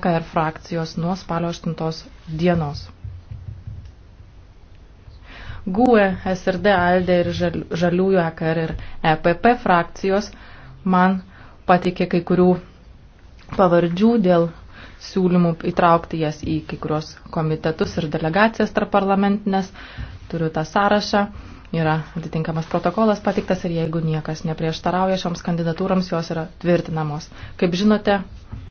KR frakcijos nuo spalio 8 dienos. GUE, SRD, ALDE ir Žaliųjų EKR ir EPP frakcijos man patikė kai kurių pavardžių dėl siūlymų įtraukti jas į kai kurios komitetus ir delegacijas tarp parlamentinės. Turiu tą sąrašą, yra atitinkamas protokolas patiktas ir jeigu niekas neprieštarauja šioms kandidatūrams, jos yra tvirtinamos. Kaip žinote,